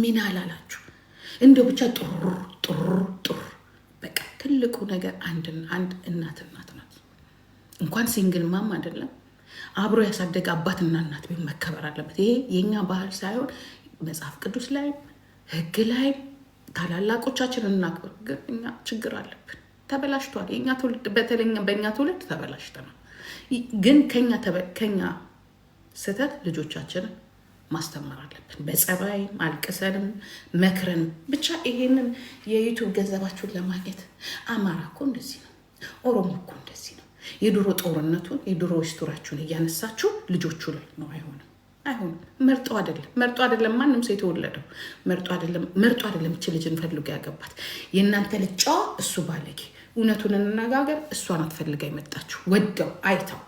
ምን አላላችሁ? እንደው ብቻ ጥሩር ጥሩር ጥሩር። በቃ ትልቁ ነገር አንድ አንድ እናት እናት ናት። እንኳን ሲንግል ማም አይደለም አብሮ ያሳደገ አባትና እናት ቤት መከበር አለበት። ይሄ የእኛ ባህል ሳይሆን መጽሐፍ ቅዱስ ላይም ህግ ላይም ታላላቆቻችንን እናክብር። ግን እኛ ችግር አለብን፣ ተበላሽቷል። የእኛ ትውልድ በተለይ በእኛ ትውልድ ተበላሽተናል። ግን ከኛ ስህተት ልጆቻችንን ማስተማር አለብን። በጸባይ አልቅሰንም መክረንም ብቻ ይሄንን የዩቱብ ገንዘባችሁን ለማግኘት አማራ እኮ እንደዚህ ነው፣ ኦሮሞ እኮ እንደዚህ ነው። የድሮ ጦርነቱን የድሮ ስቱራችሁን እያነሳችሁ ልጆቹ ላይ ነው። አይሆንም፣ አይሆንም። መርጦ አይደለም፣ መርጦ አይደለም። ማንም ሰው የተወለደው መርጦ አይደለም፣ መርጦ አይደለም። እች ልጅ እንፈልገ ያገባት የእናንተ ልጫዋ እሱ ባለጌ። እውነቱን እንነጋገር፣ እሷን አትፈልጋ የመጣችሁ ወደው አይተው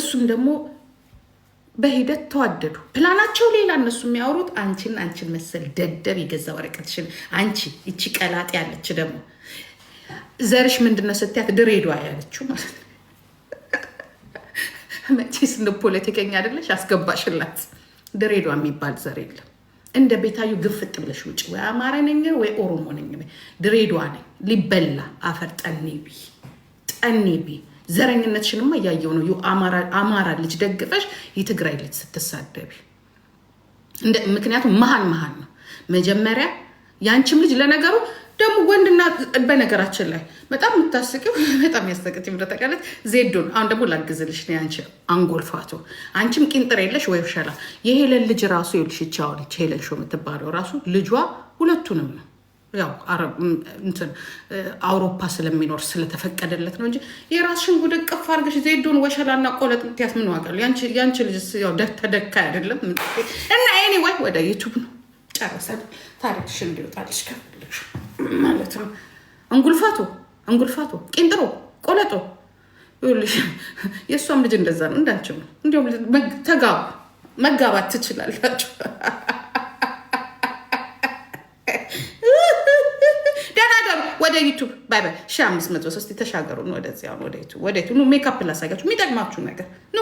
እሱም ደግሞ በሂደት ተዋደዱ። ፕላናቸው ሌላ፣ እነሱ የሚያወሩት አንቺን አንቺን መሰል ደደብ የገዛ ወረቀትሽን አንቺ እቺ ቀላጥ ያለች ደግሞ ዘርሽ ምንድነው ስትያት ድሬዳዋ ያለችው ማለት መቼስ እንደ ፖለቲከኛ አይደለሽ አስገባሽላት። ድሬዳዋ የሚባል ዘር የለም። እንደ ቤታዩ ግፍጥ ብለሽ ውጭ ወይ አማራ ነኝ ወይ ኦሮሞ ነኝ ድሬዳዋ ነኝ ሊበላ አፈር ጠኔ ቢ ጠኔ ቢ ዘረኝነትሽንማ እያየው ነው። አማራ ልጅ ደግፈሽ የትግራይ ልጅ ስትሳደቢ፣ ምክንያቱም መሀን መሀን ነው መጀመሪያ ያንቺም ልጅ ለነገሩ ደግሞ ወንድና በነገራችን ላይ በጣም የምታስቂው በጣም ያስጠቅጭ ምረጠቃለች ዜዶን አሁን ደግሞ ላግዝልሽ ነው ያንቺ አንጎልፋቶ አንቺም ቂንጥር የለሽ ወይ ሸላ የሄለን ልጅ ራሱ የልሽቻዋለች ሄለን ሾ የምትባለው ራሱ ልጇ ሁለቱንም ነው ያው እንትን አውሮፓ ስለሚኖር ስለተፈቀደለት ነው እንጂ የራስሽን ጉድቅ ቅፍ አድርገሽ ዜዶን ወሸላና ቆለጥ ምትያት ምን ዋጋ አለው? ያንቺ ልጅ ተደካ አይደለም እና ኤኒዌይ ወደ ዩቱብ ነው ጨረሰን። ታሪክሽ እንዲወጣልሽ ከፈለግሽ ማለት ነው። እንጉልፋቶ እንጉልፋቶ ቂንጥሮ ቆለጦ ይኸውልሽ፣ የእሷም ልጅ እንደዛ ነው እንዳንቺ ነው። እንዲሁም ተጋቡ መጋባት ትችላላችሁ። ተሻገሩ ወደ ዩቱብ ባይ ባይ ሺ አምስት መቶ ሶስት ተሻገሩ ወደዚያ ወደ ዩቱብ ወደ ዩቱብ ሜካፕ ላሳያችሁ የሚጠቅማችሁ ነገር ኑ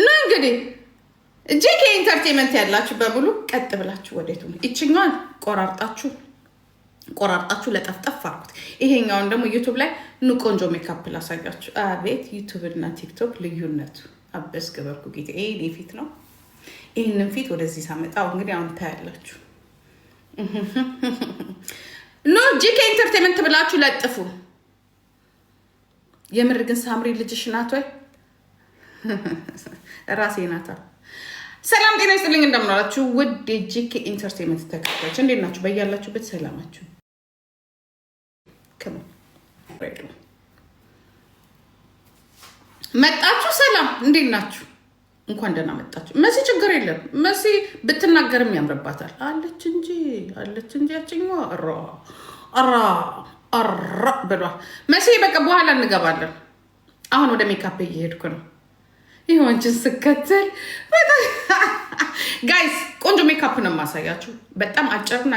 እና እንግዲህ ጄኬ ኢንተርቴንመንት ያላችሁ በሙሉ ቀጥ ብላችሁ ወደ ዩቱብ ይችኛዋን ቆራርጣችሁ ቆራርጣችሁ ለጠፍጠፍ አርኩት። ይሄኛውን ደግሞ ዩቱብ ላይ ኑ ቆንጆ ሜካፕ ላሳያችሁ። አቤት ዩቱብ እና ቲክቶክ ልዩነቱ አበስ ገበርኩ ጊዜ ይህ ፊት ነው። ይህንን ፊት ወደዚህ ሳመጣው እንግዲህ አሁን ታያላችሁ። ኖ ጂኬ ኢንተርቴንመንት ብላችሁ ለጥፉ። የምር ግን ሳምሪ ልጅሽ ናት ወይ? ራሴ ናታ። ሰላም ጤና ይስጥልኝ፣ እንደምናላችሁ ውድ የጂኬ ኢንተርቴንመንት ተከታዮች እንዴት ናችሁ? በያላችሁበት ሰላማችሁ መጣችሁ። ሰላም እንዴት ናችሁ? እንኳን ደህና መጣች መሲ። ችግር የለም መሲ ብትናገርም ያምርባታል። አለች እንጂ አለች እንጂ ያችኛዋ ራ አራ አራ ብሏል። መሲ በቃ በኋላ እንገባለን። አሁን ወደ ሜካፕ እየሄድኩ ነው። ይሆንችን ስከተል ጋይስ ቆንጆ ሜካፕ ነው የማሳያችሁ። በጣም አጭርና